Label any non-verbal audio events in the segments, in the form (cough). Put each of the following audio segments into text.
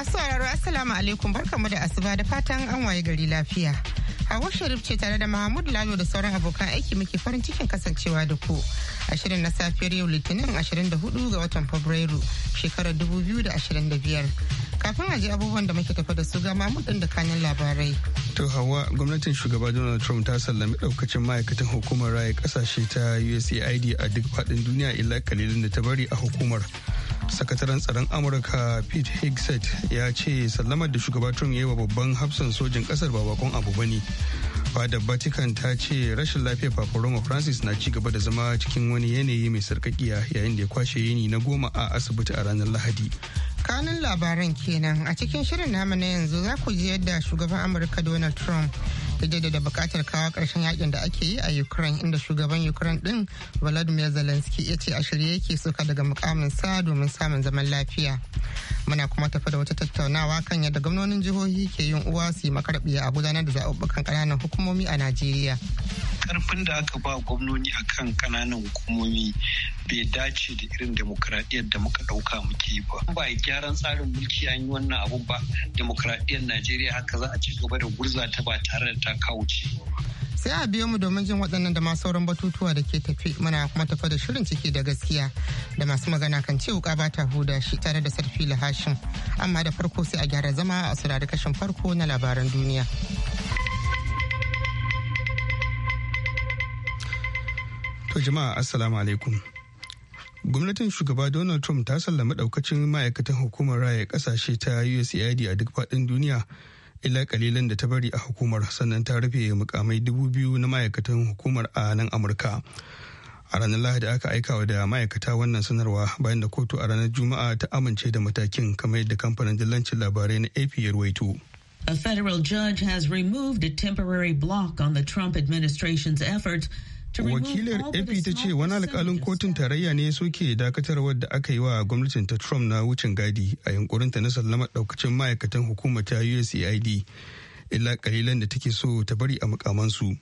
Masu sauraro Assalamu alaikum barkamu da asuba da fatan an waye gari lafiya. Hawa Sharif ce tare da Mahmud Lalo da sauran abokan aiki muke farin cikin kasancewa da ku. A shirin na safiyar yau Litinin 24 ga watan Fabrairu shekarar 2025. Kafin a ji abubuwan da muke tafa da su ga Mahmud din da kanin labarai. To Hawa gwamnatin shugaba Donald Trump ta sallami daukacin ma'aikatan hukumar raya kasashe ta USAID a duk faɗin duniya illa kalilin da ta bari a hukumar. sakataren tsaron amurka pete hegseth ya ce sallamar da shugaba trump ya yi wa babban hafsan sojin kasar ba bakon abu bane fada vatican ta ce rashin lafiyar Roma francis na ci gaba da zama cikin wani yanayi mai sarkakiya yayin da ya kwashe yini na goma a asibiti a ranar lahadi kanun labaran kenan a cikin shirin namu na yanzu za ku ji yadda shugaban amurka donald trump jaddada bukatar kawo karshen yakin da ake yi a ukraine inda shugaban ukraine din volodymyr zelensky ya ce a shirye yake suka daga mukamin sa domin samun zaman lafiya muna kuma tafi da wata tattaunawa kan yadda gwamnonin jihohi ke yin uwa su yi makarbiya a gudanar da zaɓuɓɓukan ƙananan hukumomi a najeriya karfin da aka ba gwamnoni a kan kananan hukumomi bai dace da irin demokradiyyar da muka ɗauka muke ba ba gyaran tsarin mulki an yi wannan abun ba demokradiyyar najeriya haka za a ci gaba da gurza ta ba tare da ta kawo ci sai a biyo mu domin jin waɗannan da masu sauran batutuwa da ke tafi muna kuma tafa da shirin ciki da gaskiya da masu magana kan ce wuka ba ta huda shi tare da sarfi lahashin amma da farko sai a gyara zama a saurari kashin farko na labaran duniya. jama'a assalamu alaikum. Gwamnatin shugaba Donald Trump ta sallami daukacin ma'aikatan hukumar raya kasashe ta USAID a duk faɗin duniya ila kalilan da ta bari a hukumar sannan ta rufe mukamai dubu biyu na ma'aikatan hukumar a nan Amurka. A ranar Lahadi aka aika wa da ma'aikata wannan sanarwa bayan da kotu a ranar Juma'a ta amince da matakin kamar yadda kamfanin dillancin labarai na AP ya ruwaito. A federal judge has removed a temporary block on the Trump administration's efforts wakilar ap ta ce wani alkalin kotun tarayya ne soke dakatarwar da aka yi wa gwamnatin ta trump na wucin gadi a yankurinta na sallama daukacin ma'aikatan hukumar ta usaid illa kalilan da take so ta bari a mukamansu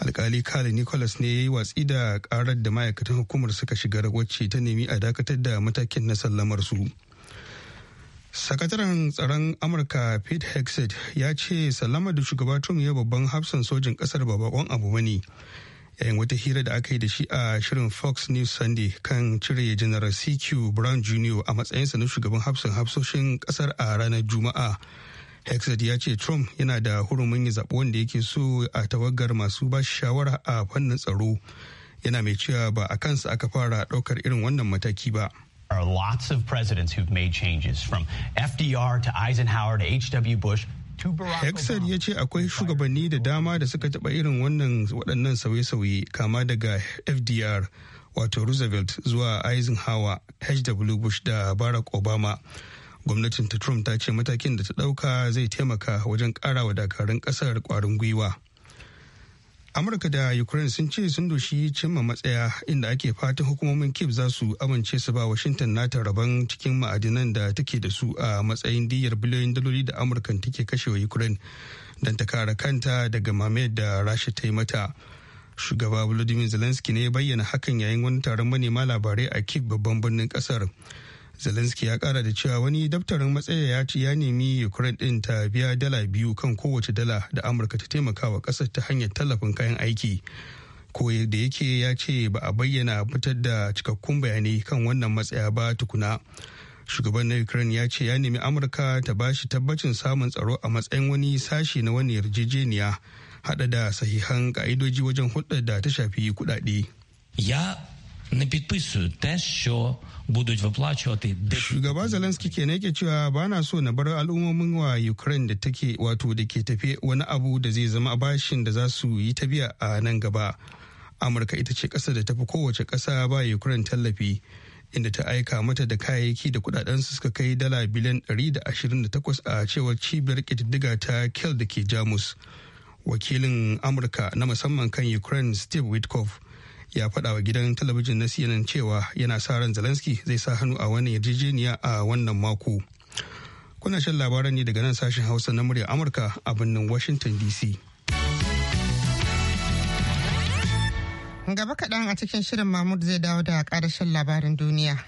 alkali kali nicholas ne ya yi watsi da karar da ma'aikatan hukumar suka shiga wacce ta nemi a dakatar da matakin na sallamar su sakataren tsaron amurka pete hexet ya ce sallama da shugaba trump ya babban hafsan sojin kasar ba bakon abu bane yayin wata hira da aka yi da shi a shirin fox news sunday kan cire general cq brown jr a matsayinsa na shugaban hafsin hafsoshin kasar a ranar juma'a hexed ya ce trump yana da hurumin yi zaɓi wanda yake so a tawagar masu ba shawara a fannin tsaro yana mai cewa ba a kansa aka fara ɗaukar irin wannan mataki ba are lots of presidents who've made changes from FDR to Eisenhower to H.W. Bush Hexer ya ce akwai shugabanni da dama da suka taɓa irin wannan waɗannan sauye-sauye kama daga FDR wato Roosevelt zuwa Eisenhower, H.W. Bush da Barack Obama. Gwamnatin ta Trump ta ce matakin da ta ɗauka zai taimaka wajen ƙara wa dakarun ƙasar ƙwarin gwiwa. amurka da ukraine sun ce sun doshi cimma matsaya inda ake fatan hukumomin kiev za su amince su ba washington nata rabon cikin ma'adinan da take da su a matsayin diyar biliyoyin daloli da amurka take wa ukraine don ta kare kanta daga mamayar da rasha ta yi mata shugaba volodymyr zelensky ne ya bayyana hakan yayin wani taron manema labarai a kiev babban birnin kasar zelensky ya kara da cewa wani daftarin matsaya ya ci ya nemi ukraine ɗin ta biya dala biyu kan kowace dala da amurka ta taimakawa wa ta hanyar tallafin kayan aiki ko da yake ya ce ba a bayyana fitar da cikakkun bayanai kan wannan matsaya ba tukuna shugaban na ukraine ya ce ya nemi amurka ta bashi tabbacin samun tsaro a matsayin wani sashi na wani yarjejeniya hada da sahihan ka'idoji wajen hulɗar da ta shafi kuɗaɗe. ya не підписують те, що будуть виплачувати Шугаба Зеленський kenan ке cewa bana so na bar al'ummomin wa Ukraine da take wato da ke tafe wani abu da zai zama bashin da za su yi ta biya a nan gaba. Amurka ita ce ƙasa da tafi kowace ƙasa ba Ukraine tallafi inda ta aika mata da kayayyaki da kudaden su suka kai dala biliyan 128 a cewar cibiyar ƙididdiga ta Kiel da ke Jamus. Wakilin Amurka na musamman kan Ukraine Steve Witkoff ya faɗa wa gidan talabijin na cnn cewa yana sa ran zelensky zai sa hannu a wani yarjejeniya a wannan mako kuna shan labaran ne daga nan sashen hausa na murya amurka a birnin washington dc gaba kaɗan a cikin shirin mahmud zai dawo da ƙarashin labarin duniya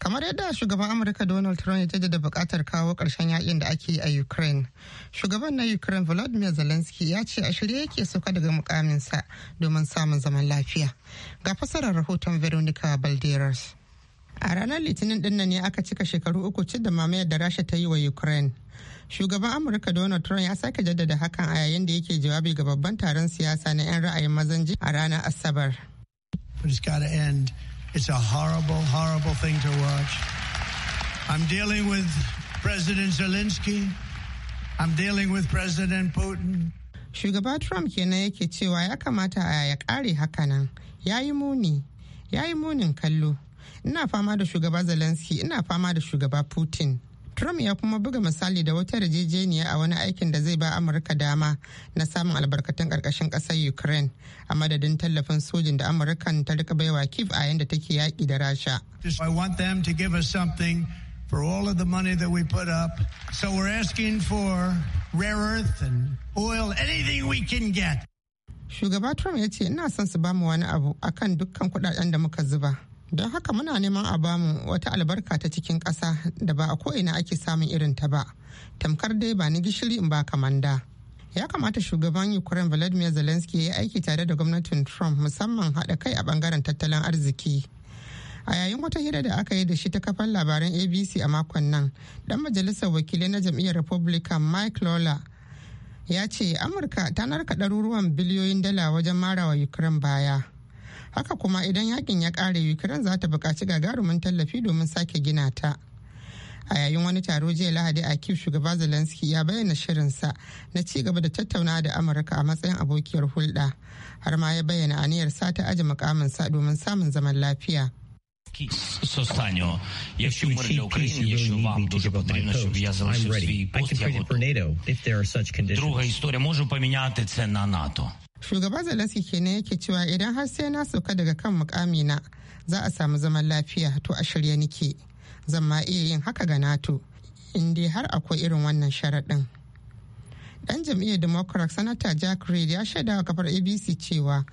kamar yadda shugaban amurka donald trump ya jaddada bukatar kawo karshen yakin da ake yi a ukraine shugaban na ukraine volodymyr zelensky ya ce a shirye yake sauka daga mukaminsa domin samun zaman lafiya ga fasarar rahoton veronica balderas a ranar litinin dinnan ne aka cika shekaru uku cin da mamayar da rasha ta yi wa ukraine shugaban amurka donald trump ya sake jaddada hakan a yayin da yake jawabi ga babban taron siyasa na 'yan ra'ayin mazan a ranar asabar It's a horrible, horrible thing to watch. I'm dealing with President Zelensky. I'm dealing with President Putin. Shugaba Trump kenan yake cewa ya kamata a ya kare hakanan. Ya yi muni, ya yi munin kallo. Ina fama da shugaba Zelensky, ina fama da shugaba Putin. Trump ya kuma buga misali da wata yarjejeniya a wani aikin da zai ba Amurka dama na samun albarkatun ƙarƙashin ƙasar Ukraine a madadin tallafin sojin da Amurkan ta rika baiwa Kiev a yanda take yaki da Rasha. I want them to give us something for all of the money that we put up. So we're asking for rare earth and oil, anything we can get. Shugaba Trump ya ce, ina son su bamu wani abu akan dukkan kudaden da muka zuba. Don haka muna neman a bamu wata albarka ta cikin ƙasa da ba a ko'ina ake samun irin ta ba, tamkar dai ba ni gishiri in ba kamanda. Ya kamata shugaban Ukraine Vladimir Zelensky ya yi aiki tare da gwamnatin Trump musamman haɗa kai a ɓangaren tattalin arziki. a yayin wata hira da aka yi da shi ta kafan labaran abc a makon nan dan majalisar wakilai na jam'iyyar republican mike lawler ya ce amurka ta narka ɗaruruwan biliyoyin dala wajen marawa ukraine baya haka kuma idan yakin ya kare ukraine za ta buƙaci gagarumin tallafi domin sake gina ta a yayin wani taro jiya lahadi a kiev shugaba zelensky ya bayyana shirinsa na ci gaba da tattaunawa da amurka a matsayin abokiyar hulɗa har ma ya bayyana sa ta aji mukaminsa domin samun zaman lafiya Состанньо, якщо вам дуже потрібно, щоб я залишив свій пост, я готовий. Друга історія, можу поміняти це на НАТО. shugaba zelensky kenan yake cewa idan har sai na sauka daga kan mukamina za a samu zaman lafiya to a shirye nike zan ma iya yin haka ga nato in dai har akwai irin wannan sharaɗin dan jam'iyyar democrat sanata jack reed ya shaida wa kafar abc cewa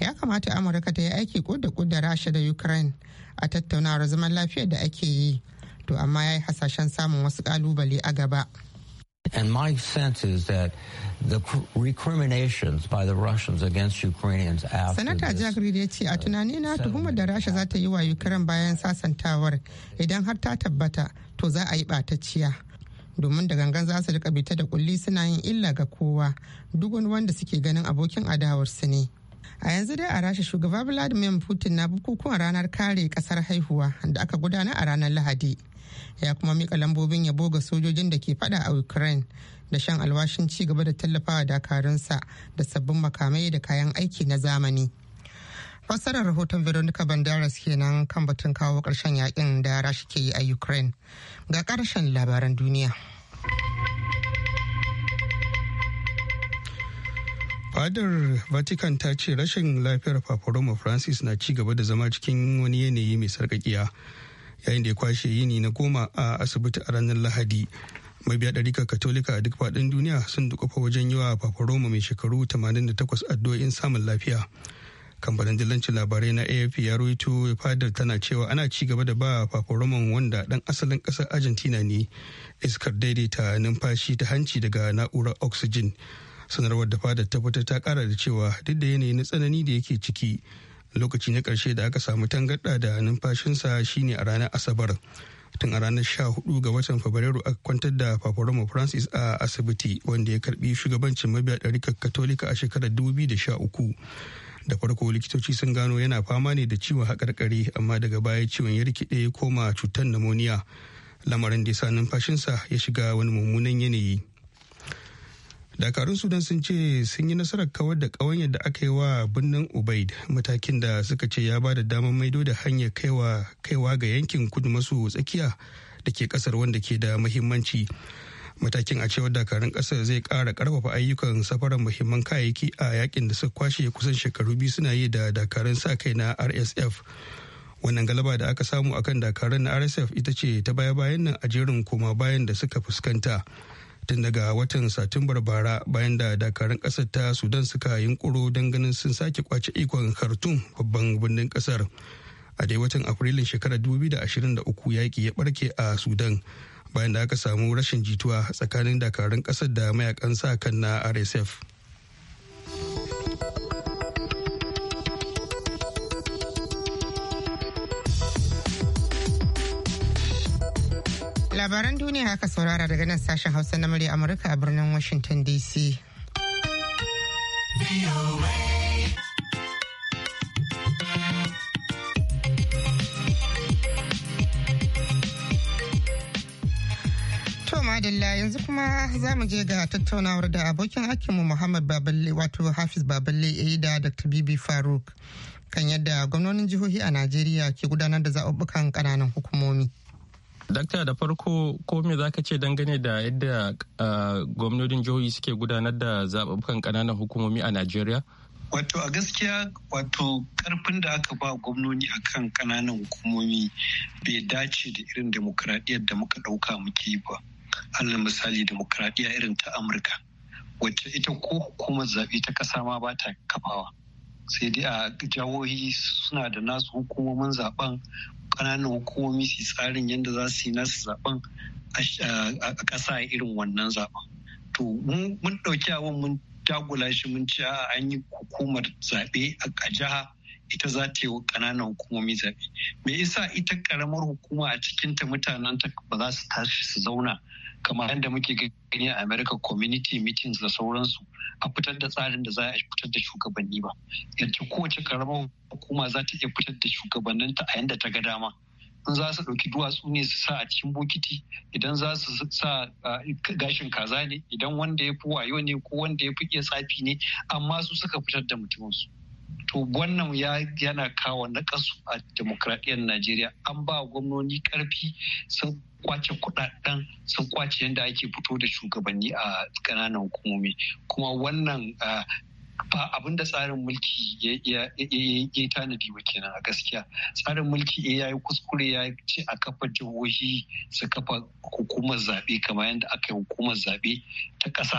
ya kamata amurka ta yi aiki da da rasha da ukraine a tattaunawar zaman lafiyar da ake yi to amma ya yi hasashen samun wasu kalubale a gaba. And my sense is that the recriminations by the Russians against Ukrainians after Sanata Jagrid ya ce a tunani na tuhumar da Rasha za ta yi wa Ukraine bayan sasantawar idan har ta tabbata to za a yi ɓatacciya. domin da gangan za su rika bita da kulli suna yin illa ga kowa duk wani wanda suke ganin abokin adawarsu ne a yanzu dai a rasha shugaba vladimir putin na bukukuwan ranar kare kasar haihuwa da aka gudana a ranar lahadi ya kuma mika lambobin yabo ga sojojin da ke fada a ukraine da shan alwashin ci gaba da tallafawa dakarunsa da sabbin makamai da kayan aiki na zamani fassarar rahoton veronica bandaras kenan kan batun kawo karshen yakin da rashi ke yi a ukraine ga karshen labaran duniya fadar vatican ta ce rashin lafiyar paparoma francis na ci gaba da zama cikin wani yanayi mai sarkakiya yayin da ya kwashe yini na goma a asibiti a ranar lahadi mabiya ɗarika katolika a duk faɗin duniya sun dukufa wajen yi wa roma mai shekaru 88 addu'o'in samun lafiya kamfanin dillancin labarai na afp ya ya fadar tana cewa ana ci gaba da ba roma wanda ɗan asalin ƙasar argentina ne iskar daidaita numfashi ta hanci daga na'urar oxygen sanarwar da fadar ta fitar ta kara da cewa duk da yanayi na tsanani da yake ciki lokaci na karshe da aka samu tangarɗa da numfashinsa shine a ranar asabar tun a ranar 14 ga watan fabrairu aka kwantar da paparoma francis a asibiti wanda ya karbi shugabancin mabiya ɗarikar katolika a shekarar 2013 da farko likitoci sun gano yana fama ne da ciwon haƙarƙari amma daga baya ciwon ya rikide koma cutar namoniya lamarin da ya sa numfashinsa ya shiga wani mummunan yanayi dakarun sudan sun ce sun yi nasarar kawar da kawanya da aka yi wa birnin ubaid matakin da suka ce ya ba da damar maido da hanyar kaiwa ga yankin kudu maso tsakiya da ke kasar wanda ke da muhimmanci matakin a cewar dakarun kasar zai kara ƙarfafa ayyukan safarar muhimman kayayyaki a yakin da suka kwashe kusan shekaru biyu suna yi da dakarun sa kai na rsf wannan galaba da aka samu akan dakarun na rsf ita ce ta baya-bayan nan a jerin koma bayan da suka fuskanta tun daga watan satumbar bara bayan da dakarun kasar ta sudan suka yunkuro don ganin sun sake kwace ikon khartoum babban birnin kasar a dai watan afrilun shekarar 2023 yaƙi ya barke a sudan bayan da aka samu rashin jituwa tsakanin dakarun kasar da mayakan sa kan na rsf labaran duniya aka saurara daga nan sashen hausa na murya amurka a birnin washington dc madalla yanzu kuma za mu je ga tattaunawar da abokin hakimu muhammad baballe wato hafiz baballe ya da dr bibi faruk kan yadda gwamnonin jihohi a najeriya ke gudanar da zaɓuɓɓukan ƙananan hukumomi Dakta da farko ko me zaka ce dangane da yadda gwamnonin jihohi suke gudanar da zaɓuɓɓukan ƙananan hukumomi a Najeriya? Wato a gaskiya wato karfin da aka ba gwamnoni a kan ƙananan hukumomi bai dace da irin demokradiyyar da muka ɗauka muke ba. Allah misali demokradiyya irin ta Amurka. Wacce ita ko hukumar zaɓe ta ƙasa ma ba ta kafawa. sai dai a jihohi suna da nasu hukumomin zaben ƙananan hukumomi su tsarin yadda za su yi nasu zaben a ƙasa irin wannan zaben to mun ɗauki abin mun jagula shi mun ci an yi hukumar zaɓe a jiha ita za ta yi ƙananan hukumomi zaɓe me yasa ita ƙaramar hukuma a cikinta mutanenta ba za su tashi su zauna kamar yadda muke gani a america community meetings da sauransu a fitar da tsarin da za a fitar da shugabanni ba yadda kowace karamar hukuma za ta iya fitar da shugabanninta a yadda ta ga dama in za su ɗauki duwatsu ne su sa a cikin bokiti idan za su sa ah, gashin kaza ne idan wanda ya fi wayo ne ko wanda ya fi iya tsafi ne amma su suka fitar da mutuminsu to wannan ya yana kawo nakasu a demokradiyyar najeriya an ba gwamnoni karfi sun kwace kudaden sun kwace yadda ake fito da shugabanni a kananan hukumomi kuma wannan ba abin da tsarin mulki ya tanadi ba kenan a gaskiya tsarin mulki eh, ya yi kuskure ya ce a kafa jihohi su kafa hukumar zaɓe kamar yadda aka yi hukumar zaɓe ta ƙasa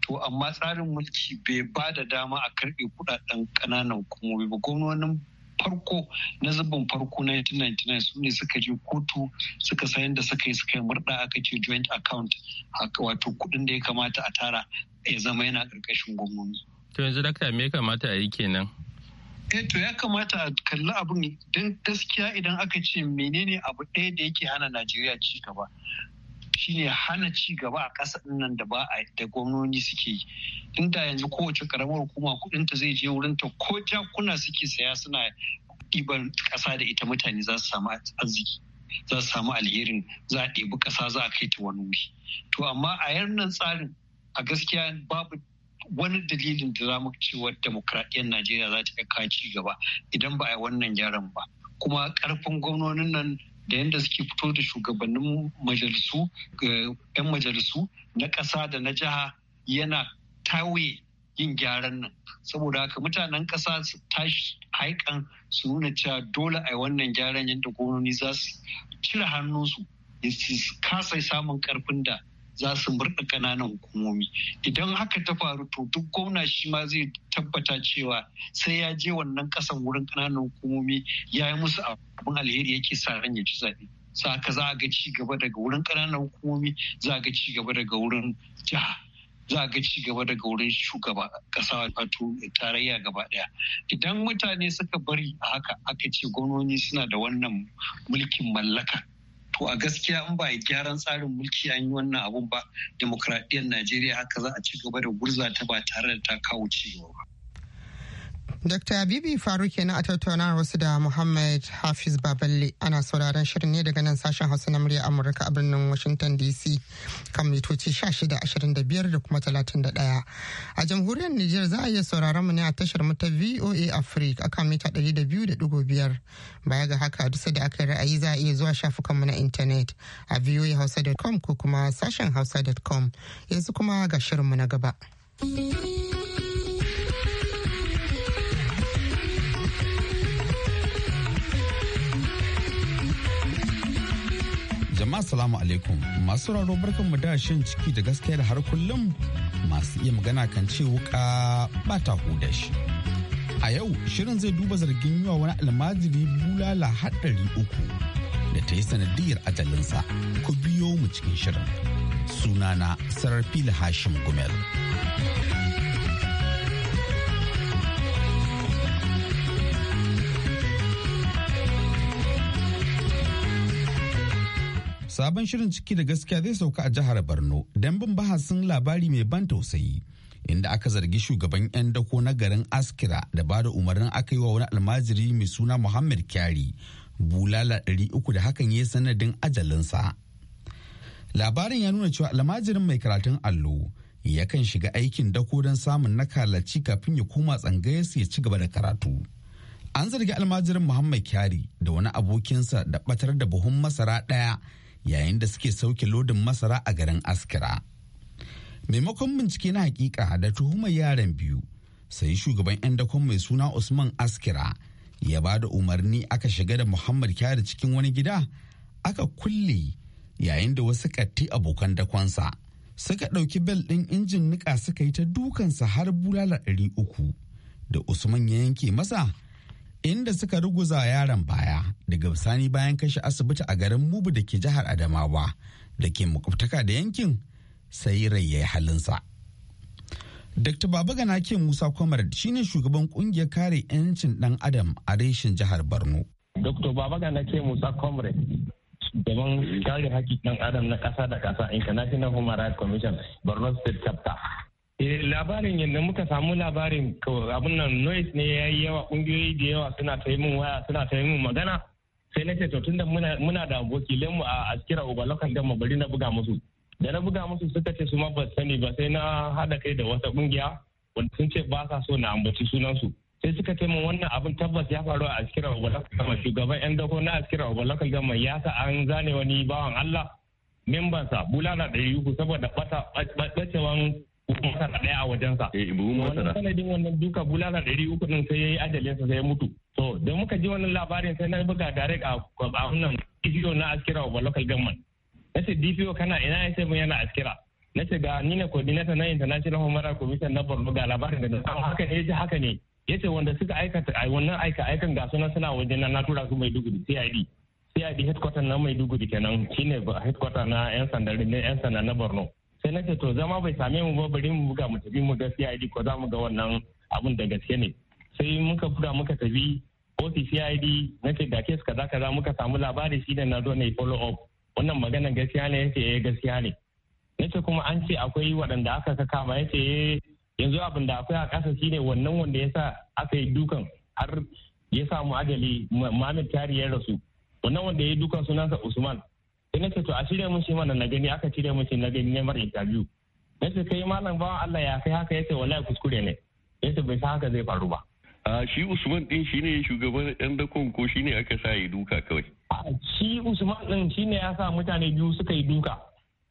to amma tsarin mulki bai ba da dama a karɓe kudaden ƙananan hukumomi ba gwamnonin farko na zubin farko na 1999 su ne suka je kotu suka sayan da suka yi suka yi murda aka ce joint account wato kudin da ya kamata a tara ya zama yana karkashin gwamnoni. To yanzu dakta me ya kamata a yi kenan? eh to ya kamata a kalli abin don gaskiya idan aka ce menene abu ɗaya da yake hana najeriya ci gaba shine hana ci gaba a ƙasa nan da ba a da gwamnoni suke yi inda yanzu kowace karamar hukuma kudinta zai je wurin ta ko jakuna suke saya suna ɗiban ƙasa da ita mutane za su samu arziki za su samu alherin za a ɗebi ƙasa za a kai ta wani wuri to amma a yannan tsarin a gaskiya babu wani dalilin da za mu cewa demokradiyyar najeriya za ta iya kawo ci gaba idan ba a yi wannan gyaran ba kuma ƙarfin gwamnonin nan da yadda suke fito da shugabannin majalisu 'yan majalisu na ƙasa da na jiha yana tawaye yin gyaran nan saboda haka mutanen ƙasa su tashi haikan su nuna cewa dole a wannan gyaran yadda gononi za su cire hannunsu su kasa samun ƙarfin da za su murɗa kananan hukumomi idan haka ta faru to duk gwamna shi ma zai tabbata cewa sai ya je wannan kasan wurin kananan hukumomi ya yi musu abin alheri yake sa ran ya ci zaɓe ka za a ga ci gaba daga wurin kananan hukumomi za a ga ci gaba daga wurin jiha za a ga ci gaba daga wurin shugaba kasa wato tarayya gaba ɗaya idan mutane suka bari a haka aka ce gwamnoni suna da wannan mulkin mallaka to a gaskiya in ba a gyaran tsarin mulki an yi wannan abun ba demokradiyyar najeriya haka za a ci gaba da gurza ta ba tare da ta kawo ci gaba Dr. Bibi Faru kenan a tattauna wasu da Muhammad Hafiz Baballe ana sauraron shirin ne daga nan sashen Hausa na murya Amurka a birnin Washington DC kan mitoci 1625 da kuma 31. A jamhuriyar Nijar za a iya sauraron mu ne a tashar ta VOA Africa akan mita 200.5 baya ga haka dusa da aka ra'ayi za a iya zuwa shafukan mu na intanet a voahausa.com ko kuma sashen hausa.com yanzu kuma ga shirin mu na gaba. jama'a salamu alaikum masu raro barkan mu da shan ciki da gaskiya da har kullum masu iya magana kan ce wuka ba ta huda shi a yau shirin zai duba zargin yiwa wani almajiri bulala haɗari uku da ta yi sanadiyar ajalinsa ku biyo mu cikin shirin sunana sarfila hashim gumel Sabon shirin ciki da gaskiya zai sauka a jihar Borno don bin bahasin labari mai ban tausayi. Inda aka zargi shugaban 'yan dako na garin Askira da bada umarnin aka yi wa wani almajiri mai suna Muhammad Kyari bulala uku da hakan ya sanadin ajalinsa. Labarin ya nuna cewa almajirin mai karatun allo yakan shiga aikin dako don samun nakalaci kafin ya koma tsangayarsa ya ci gaba da karatu. An zargi almajirin Muhammad Kyari da wani abokinsa da batar da buhun masara ɗaya yayin da suke sauke lodin masara a garin askira maimakon bincike na hakika da tuhumar yaran biyu sai shugaban 'yan dakon mai suna usman askira ya ba da umarni aka shiga da muhammad kyari cikin wani gida aka kulle yayin da wasu katti abokan dakonsa suka ɗauki bel ɗin injin nika suka yi ta dukansa har bulala 300 da usman ya yanke masa inda suka ruguza yaron baya daga bisani bayan kashe asibiti a garin mubu da ke jihar adamawa da ke makwabtaka da yankin sai rai ya yi halinsa dr gana ke musa kwamar shine shugaban kungiyar kare 'yancin dan adam a reshen jihar borno dr babagana ke musa kwamar shugaban kare haƙƙin dan adam na ƙasa da ƙasa international human rights commission borno state chapter Eh, labarin yadda muka samu labarin abin nan noise ne ya yi yawa kungiyoyi da yawa suna ta yi min waya suna ta min magana sai na ce to tunda muna da mu a askira ubalokan mu bari na buga musu da na buga musu suka ce su ma ba sani ba sai na haɗa kai da wata kungiya wanda sun ce ba sa so na ambaci sunansu sai suka ce min wannan abin tabbas ya faru a askira ubalokan mu. shugaban yan dako na askira ubalokan mu ya sa an zane wani bawan allah membansa bulana ɗari uku saboda ɓacewan kuma daya a wajensa. Eh Sanadin wannan duka bulala dari uku ɗin sai ya yi sa sai ya mutu. To da muka ji wannan labarin sai na buga direct a wannan DPO na askira wa local government. Na ce DPO kana ina ya ce mun yana askira. Na ce ga ni ne coordinator na International Human Commission na Borno ga labarin da na haka ne ya ji haka ne. Ya ce wanda suka aikata wannan aika aikan ga sunan suna wajen na tura su Maiduguri CID. CID headquarter na Maiduguri kenan shine headquarter na 'yan sanda na Borno. sai na ce to zama bai same mu ba bari mu buga mu tafi mu ga CID ko za mu ga wannan abun da gaske ne sai muka buga muka tafi ofis CID na ce ga kes kaza kaza muka samu labari shi da na zo na follow up wannan magana gaskiya ne yace eh gaskiya ne nace kuma an ce akwai waɗanda aka saka ma yace eh, yanzu abin da akwai a ƙasa shine wannan wanda yasa aka yi dukan har ya samu ajali Muhammad Tari ya rasu wannan wanda ya yi dukan sunansa Usman ina na ce to a shirya mun shi mana na gani aka shirya mun shi na gani neman interview na ce kai malam bawan Allah ya kai haka yace wallahi kuskure ne yace bai san haka zai faru ba a shi Usman din shine shugaban yan dakon ko shine aka sa yi duka kawai shi Usman din shine ya sa mutane biyu suka yi duka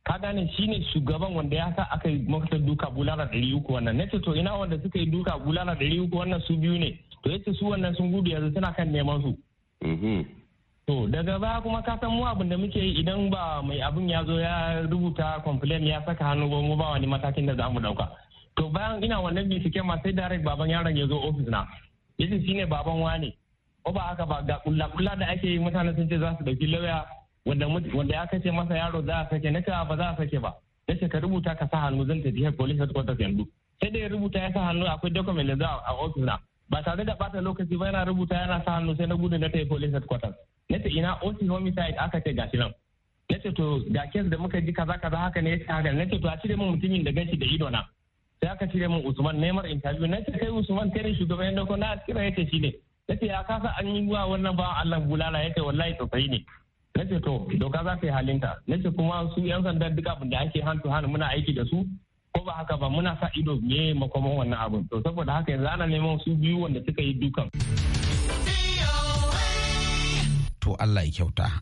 ka gane shine shugaban wanda ya sa aka yi makatar duka bulala ɗari uku wannan ce to ina wanda suka yi duka bulala ɗari uku wannan su biyu ne to yace su wannan sun gudu yanzu suna kan neman su mhm. To daga baya kuma ka san mu abin da muke yi idan ba mai abin ya zo ya rubuta complain ya saka hannu ba mu ba wani matakin da za mu dauka. To bayan ina wannan bincike ma sai direct baban yaron ya zo ofis na. shi shine baban wane. Ko ba haka ba ga kulla kulla da ake yi mutane sun ce za su dauki lauya wanda wanda ya kace masa yaro za a sake naka ba za a sake ba. Nace ka rubuta ka sa hannu zan tafi police headquarters yanzu. Sai da ya rubuta ya sa hannu akwai document da za a ofis na. Ba tare da bata lokaci ba yana rubuta yana sa hannu sai na gudu na tafi police headquarters. Nace ina otin homicide aka ce gashi nan Nace to ga kes da muka ji kaza kaza haka ne ya ce haka na to a cire mun mutumin da ganshi da ido na sai aka cire mun usman neman interview na ce kai usman kai ne shugaban yan ko na kira yake shi ne nace ya kasa an yi wa wannan ba allah bulala ya ce wallahi tausayi ne Nace to doka za ka yi halinta Nace kuma su yan sanda duka abin da ake hantu hannu muna aiki da su ko ba haka ba muna sa ido me makoman wannan abin to saboda haka yanzu ana neman su biyu wanda suka yi dukan. to Allah ya kyauta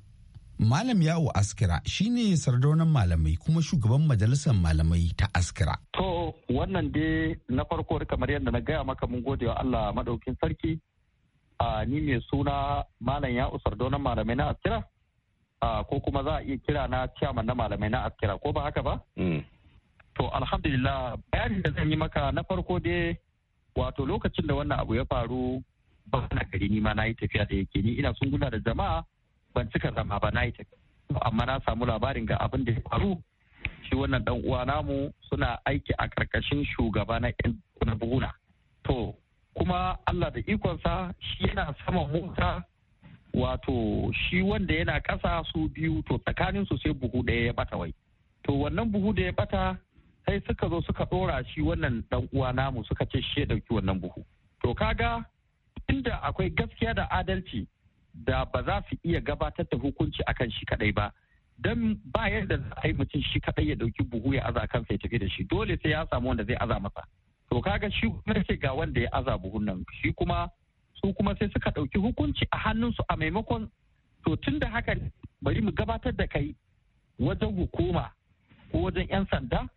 Malam Yawo Askira shi ne sardaunan malamai kuma shugaban majalisar malamai ta Askira. To wannan dai na farko kamar yadda na gaya maka mun gode wa Allah madaukin sarki a ni mai suna Malam Yawo sardaunan malamai na Askira ko kuma za a iya kira na ciyaman na malamai na Askira ko ba haka ba? Mm. To alhamdulillah bayanin da zan yi maka na farko dai wato lokacin da wannan abu ya faru ba na gari ni ma na yi tafiya da yake ni ina sungula da jama'a ban cika zama ba na yi tafiya amma na samu labarin ga abin da ya faru shi wannan dan uwa namu suna aiki a karkashin shugaba na yan na buhuna to kuma Allah da ikonsa shi yana saman mota wato shi wanda yana kasa su biyu to tsakanin su sai buhu ɗaya ya bata wai to wannan buhu da ya bata sai suka zo suka ɗora shi wannan dan uwa namu suka ce shi ya ɗauki wannan buhu to kaga tunda akwai gaskiya da adalci da ba za su iya gabatar da hukunci akan shi kadai ba don ba yadda za a yi mutum shi kadai ya dauki buhu ya aza kansa ya tafi da shi dole sai ya samu wanda zai aza masa to kaga shi kuma ce ga wanda ya aza buhun nan shi kuma su kuma sai suka dauki hukunci a hannunsu a maimakon to tunda haka bari mu gabatar da kai wajen hukuma ko wajen 'yan sanda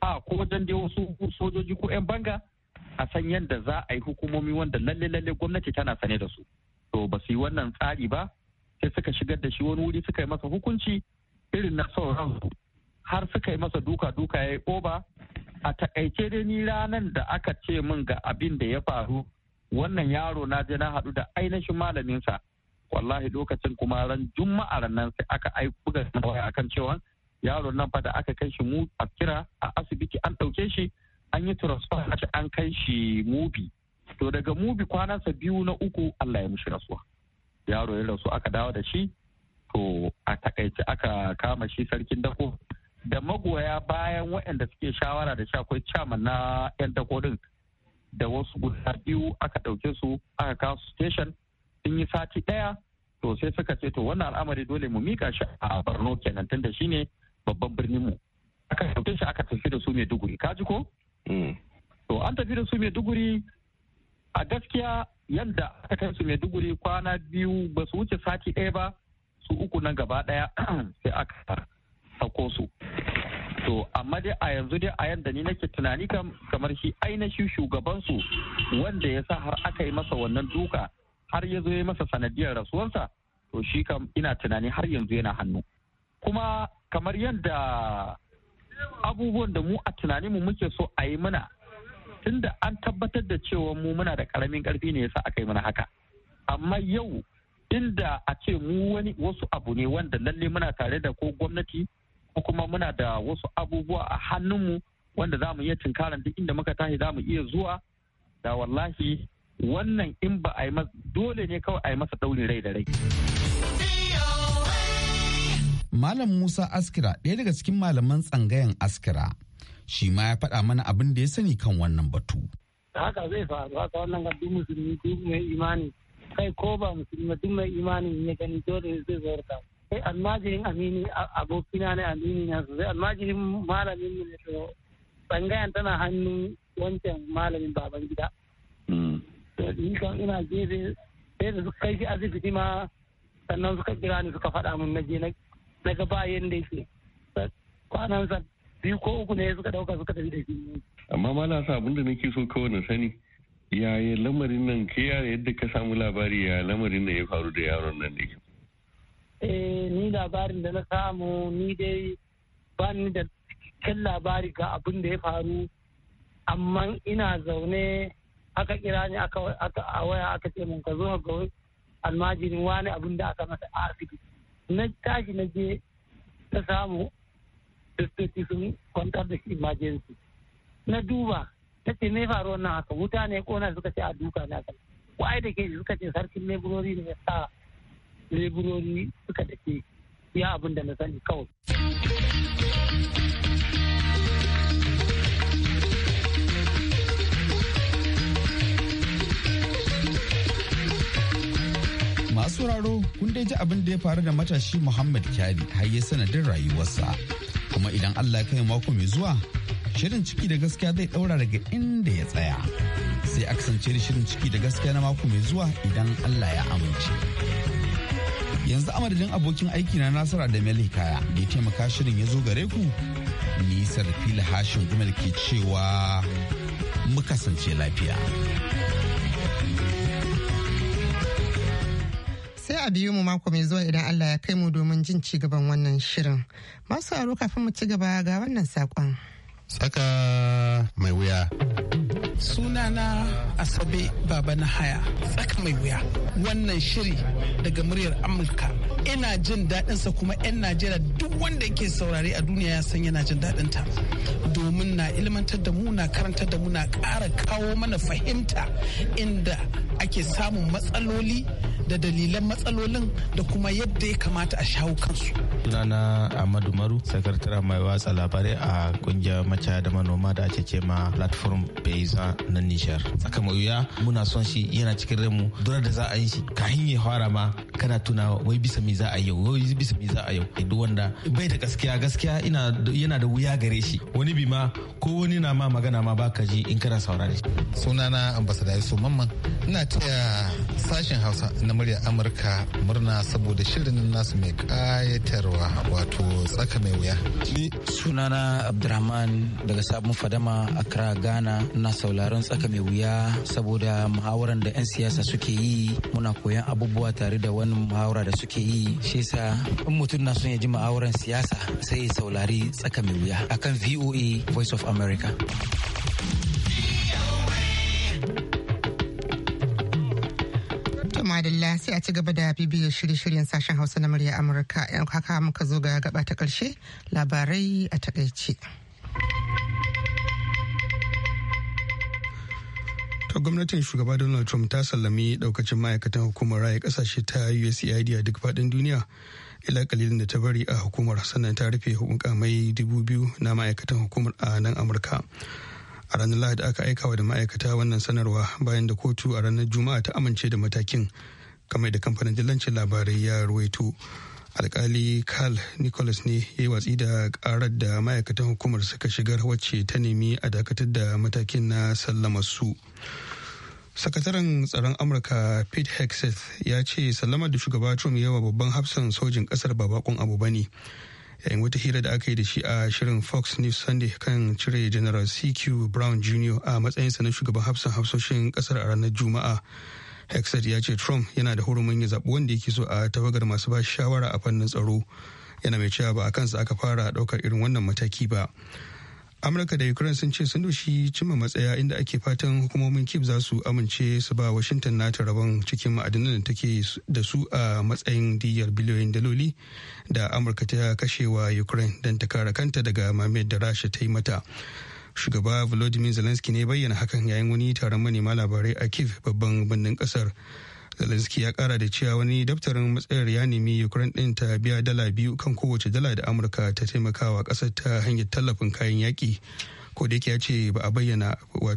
a ko wajen dai wasu sojoji ko 'yan banga a san yadda za a yi hukumomi wanda lalle lalle gwamnati tana sane da su to ba su yi wannan tsari ba sai suka shigar da shi wani wuri suka yi masa hukunci irin na sauran har suka yi masa duka duka ya yi oba a takaice dai ni ranar da aka ce min ga abin da ya faru wannan yaro na je na haɗu da ainihin malaminsa wallahi lokacin kuma ran juma'a nan sai aka ai buga akan cewa yaro nan fa da aka kai shi mu a kira a asibiti an ɗauke shi an yi transfer an kai shi mubi to daga mubi kwanansa biyu na uku Allah ya mishi rasuwa yaro ya rasu aka dawo da shi to a takaice aka kama shi sarkin dako da magoya bayan waɗanda suke shawara da shakwai chairman na 'yan dako din da wasu guda biyu aka ɗauke su aka kawo station sun yi sati ɗaya to sai suka ce to wannan al'amari dole mu mika shi a Borno kenan tunda shine babban birnin mu aka ɗauke shi aka tafi da su ka ji ko Mm. to an tafi da su maiduguri a gaskiya yadda aka kai su maiduguri kwana biyu ba su wuce sati ɗaya ba su uku nan gaba ɗaya (clears throat) sai aka sako su to amma dai a yanzu dai a yadda ni nake tunani kamar shi ainihin shugabansu wanda ya sa har aka yi masa wannan duka har ya zo ya masa sanadiyar rasuwarsa to shi kam ina tunani har yanzu yana hannu kuma kamar yadda abubuwan da mu a tunaninmu muke so a yi mana tunda an tabbatar da cewa mu muna da karamin karfi ne yasa aka yi mana haka amma yau inda a ce mu wani wasu abu ne wanda lalle muna tare da ko gwamnati ko kuma muna da wasu abubuwa a hannunmu wanda za mu iya tunkaran duk inda muka tashi za mu iya zuwa da wallahi wannan in ba a yi dole ne kawai a yi masa ɗaurin rai da rai. Malam Musa Askira ɗaya daga cikin malaman tsangayen Askira shi ma ya faɗa mana abin da ya sani kan wannan batu. Haka zai faru haka wannan ga musulmi duk mai imani kai ko ba musulmi duk mai imani ya gani dole zai zarta. Sai almajirin amini abokina ne amini na sosai almajirin malamin mu ne to tsangayen tana hannun wancan malamin baban gida. Hmm. ina gefe sai da suka kai shi asibiti ma sannan suka kira ni suka faɗa mun na je na daga bayan da yake kwanansa biyu ko uku ne suka dauka suka tafi da shi amma mala sa abin da nake so kawai na sani yaya lamarin nan ke yadda ka samu labari ya lamarin da ya faru da yaron nan ne eh ni labarin da na samu ni dai ba ni da cikakken labari ga abin da ya faru amma ina zaune aka kira ni aka a waya aka ce mun ka zo ga almajirin wani abin da aka masa a asibiti na tashi na je ta samu sun kwantar da shi emergency na duba ta ce me faru wannan haka wuta ne kona suka ce a duka na kai wai da ke suka ce sarkin leburori ne ya sa leburori suka da ke ya abin da na sani kawai Masu sauraro kun dai ji abin da ya faru da matashi Muhammad Kyari har ya sanadin rayuwarsa. Kuma idan Allah ya kai mako mai zuwa, shirin ciki da gaskiya zai daura daga inda ya tsaya. Sai a kasance da shirin ciki da gaskiya na mako mai zuwa idan Allah ya amince. Yanzu madadin abokin aiki na Nasara da Mel kaya da ya taimaka shirin ya zo gare ku. Nisar fili hashin umar ke cewa muka kasance lafiya. sai a biyu mu mako mai zuwa idan Allah ya kai mu domin jin ci gaban wannan shirin. Masu aro kafin mu ci gaba ga wannan saƙon. Tsaka mai wuya. Sunana Asabe Baba na haya tsaka mai wuya wannan shiri daga muryar Amurka. Ina jin daɗinsa kuma 'yan Najeriya duk wanda ke saurare a duniya ya san yana jin daɗinta. Domin na ilmantar da mu na karantar da mu na ƙara kawo mana fahimta inda ake samun matsaloli da dalilan matsalolin da kuma yadda ya kamata a shawo kansu. Sunana Ahmadu Maru, sakataren mai watsa labarai a kungiyar macaya da manoma da ake ce ma platform Beza na Nijar. Saka mauya. muna son shi yana cikin ranmu dura da za a yi shi kahin ya fara ma kana tuna wai bisa me za a yau wai bisa me za a yau duk wanda bai da gaskiya gaskiya ina yana da wuya gare shi wani bi ma ko wani na ma magana ma baka ji in kana saurare. Sunana ambassador Yusuf Mamman ina taya sashen Hausa na na murya amurka murna saboda shirin nasu mai kayatarwa wato tsaka mai wuya ni sunana abdurrahman daga sabon fadama accra ghana na sauraron tsaka mai wuya saboda muhawaran da 'yan siyasa suke yi muna koyan abubuwa tare da wani muhawara da suke yi shi yasa in mutum na son ya ji muhawaran siyasa sai ya saurari tsaka mai wuya akan voa voice of america madalla sai a ci gaba da bibiyar shirye-shiryen sashen hausa na murya amurka yan haka muka zo ga gaba ta karshe labarai a takaice ta gwamnatin shugaba donald trump ta sallami daukacin ma'aikatan hukumar raya kasashe ta usaid a duk faɗin duniya ila kalilin da ta bari a hukumar sannan ta rufe mai dubu biyu na ma'aikatan hukumar a nan amurka a ranar lahadi aka aikawa da ma'aikata wannan sanarwa bayan da kotu a ranar juma'a ta amince da matakin kamar da kamfanin dillancin labarai ya ruwaito alkali carl nicholas ne ya yi watsi da karar da ma'aikatan hukumar suka shigar wacce ta nemi a dakatar da matakin na sallama su sakataren tsaron amurka pete hexeth ya ce sallamar da shugaba trump yawa babban hafsan sojin kasar ba bakon abu ba ne yayin wata hira da aka yi da shi a shirin fox news sunday kan cire general cq brown jr a matsayinsa na shugaban hafsan hafsoshin kasar a ranar juma'a hexet ya ce trump yana da hurumin ya zaɓi wanda yake so a tawagar masu ba shawara a fannin tsaro yana mai cewa ba a kansa aka fara ɗaukar irin wannan mataki ba amurka da ukraine sun ce sun doshi cimma matsaya inda ake fatan hukumomin kiev za su amince su ba washington nata rabon cikin ma'adinan da take da su a matsayin diyar biliyoyin daloli da amurka ta kashewa ukraine don ta kara kanta daga mamayar da rasha ta yi mata shugaba volodymyr zelensky ne bayyana hakan yayin wani taron manema labarai a kiv babban birnin kasar zelensky ya kara da cewa wani daftarin matsayar ya nemi ukraine din ta biya dala biyu kan kowace dala da amurka ta taimakawa kasar ta hanyar tallafin kayan yaki ko da yake ya ce ba a bayyana ba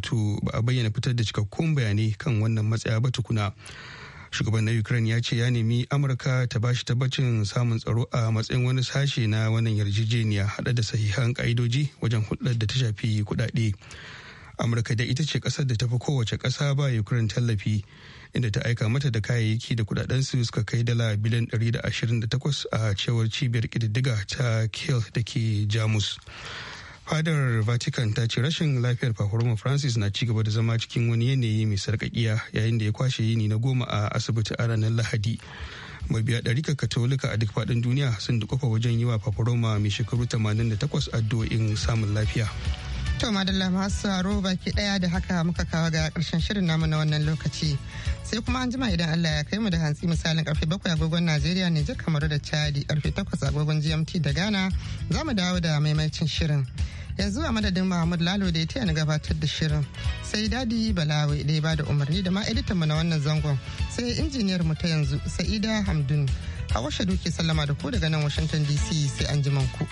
a bayyana fitar da cikakkun bayanai kan wannan matsaya ba tukuna shugaban na ukraine ya ce ya nemi amurka ta bashi tabbacin samun tsaro a matsayin wani sashe na wannan yarjejeniya hada da sahihan ka'idoji wajen hulɗar da ta shafi kudade amurka da ita ce kasar da ta fi kowace ƙasa ba ukraine tallafi inda ta aika mata da kayayyaki da kudaden su suka kai dala biliyan takwas a cewar cibiyar kididdiga ta kiel da ke jamus fadar vatican ta ce rashin lafiyar papa francis na cigaba da zama cikin wani yanayi mai sarkakiya yayin da ya kwashe yini na goma a asibiti a ranar lahadi mabiya ɗarika katolika a duk faɗin duniya sun kofa wajen yi wa roma mai shekaru 88 addu'o'in samun lafiya To madalla masu haro baki ɗaya da haka muka kawo ga ƙarshen shirin namu na wannan lokaci. Sai kuma an jima idan Allah ya kai mu da hantsi misalin karfe bakwai agogon Najeriya ne kamar da Chadi karfe takwas agogon GMT da Ghana za mu dawo da maimaicin shirin. yanzu a madadin Muhammad Lalo da ya taya ni gabatar da shirin sai dadi balawai da ya bada umarni da ma editan mu na wannan zangon sai injiniyar mu ta yanzu Sa'ida Hamdun a washe duke sallama da ku daga nan Washington DC sai an ku.